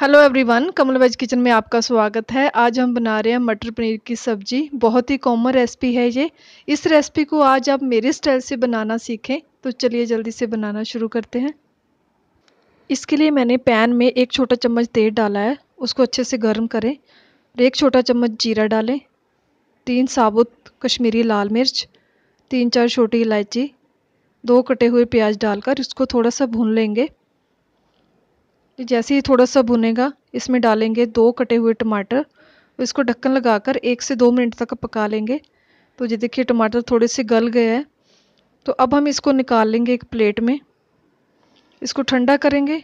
hello everyone Kamal veg kitchen में आपका स्वागत है आज हम बना रहे हैं मटर पनीर की सब्जी बहुत ही कॉमन रेसिपी है ये इस रेसिपी को आज आप मेरे स्टाइल से बनाना सीखें तो चलिए जल्दी से बनाना शुरू करते हैं इसके लिए मैंने पैन में एक छोटा चम्मच तेल डाला है उसको अच्छे से गर्म करें एक छोटा चम्मच जीरा डालें तीन साबुत कश्मीरी लाल मिर्च तीन चार छोटी इलायची दो कटे हुए प्याज डालकर इसको थोड़ा सा भून लेंगे ये जैसे ही थोड़ा सा भुनेगा इसमें डालेंगे दो कटे हुए टमाटर इसको ढक्कन लगाकर एक से दो मिनट तक पका लेंगे तो ये देखिए टमाटर थोड़े से गल गए हैं तो अब हम इसको निकाल लेंगे एक प्लेट में इसको ठंडा करेंगे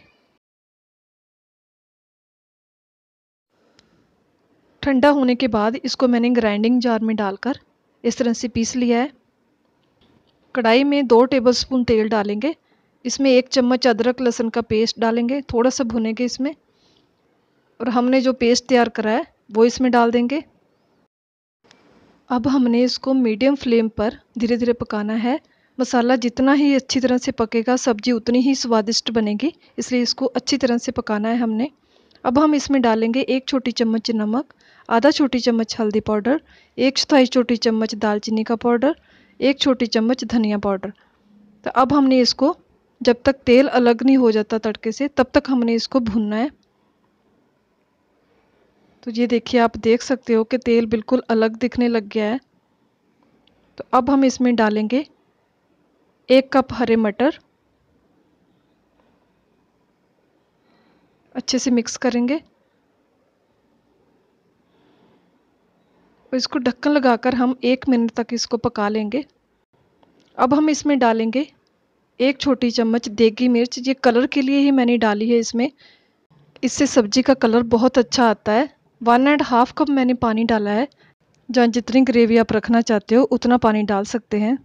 ठंडा होने के बाद इसको मैंने ग्राइंडिंग जार में डालकर इस तरह से पीस लिया है कढ़ाई में दो टेबलस्पून तेल डालेंगे इसमें एक चम्मच अदरक लहसुन का पेस्ट डालेंगे थोड़ा सा भुनेंगे इसमें और हमने जो पेस्ट तैयार करा है वो इसमें डाल देंगे अब हमने इसको मीडियम फ्लेम पर धीरे धीरे पकाना है मसाला जितना ही अच्छी तरह से पकेगा सब्जी उतनी ही स्वादिष्ट बनेगी इसलिए इसको अच्छी तरह से पकाना है हमने अब हम इसमें डालेंगे एक छोटी चम्मच नमक आधा छोटी चम्मच हल्दी पाउडर एक चौथाई छोटी चम्मच दालचीनी का पाउडर एक छोटी चम्मच धनिया पाउडर तो अब हमने इसको जब तक तेल अलग नहीं हो जाता तड़के से तब तक हमने इसको भुनना है तो ये देखिए आप देख सकते हो कि तेल बिल्कुल अलग दिखने लग गया है तो अब हम इसमें डालेंगे एक कप हरे मटर अच्छे से मिक्स करेंगे इसको ढक्कन लगाकर हम एक मिनट तक इसको पका लेंगे अब हम इसमें डालेंगे एक छोटी चम्मच देगी मिर्च ये कलर के लिए ही मैंने डाली है इसमें इससे सब्ज़ी का कलर बहुत अच्छा आता है वन एंड हाफ कप मैंने पानी डाला है जहाँ जितनी ग्रेवी आप रखना चाहते हो उतना पानी डाल सकते हैं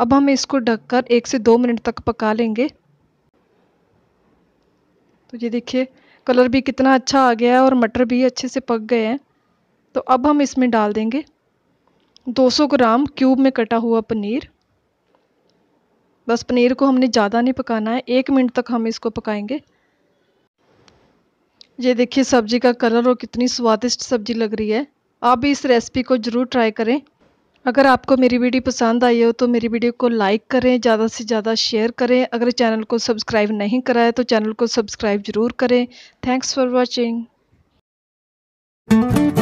अब हम इसको ढककर एक से दो मिनट तक पका लेंगे तो ये देखिए कलर भी कितना अच्छा आ गया है और मटर भी अच्छे से पक गए हैं तो अब हम इसमें डाल देंगे 200 ग्राम क्यूब में कटा हुआ पनीर बस पनीर को हमने ज़्यादा नहीं पकाना है एक मिनट तक हम इसको पकाएंगे ये देखिए सब्जी का कलर और कितनी स्वादिष्ट सब्जी लग रही है आप भी इस रेसिपी को ज़रूर ट्राई करें अगर आपको मेरी वीडियो पसंद आई हो तो मेरी वीडियो को लाइक करें ज़्यादा से ज़्यादा शेयर करें अगर चैनल को सब्सक्राइब नहीं कराए तो चैनल को सब्सक्राइब ज़रूर करें थैंक्स फॉर वॉचिंग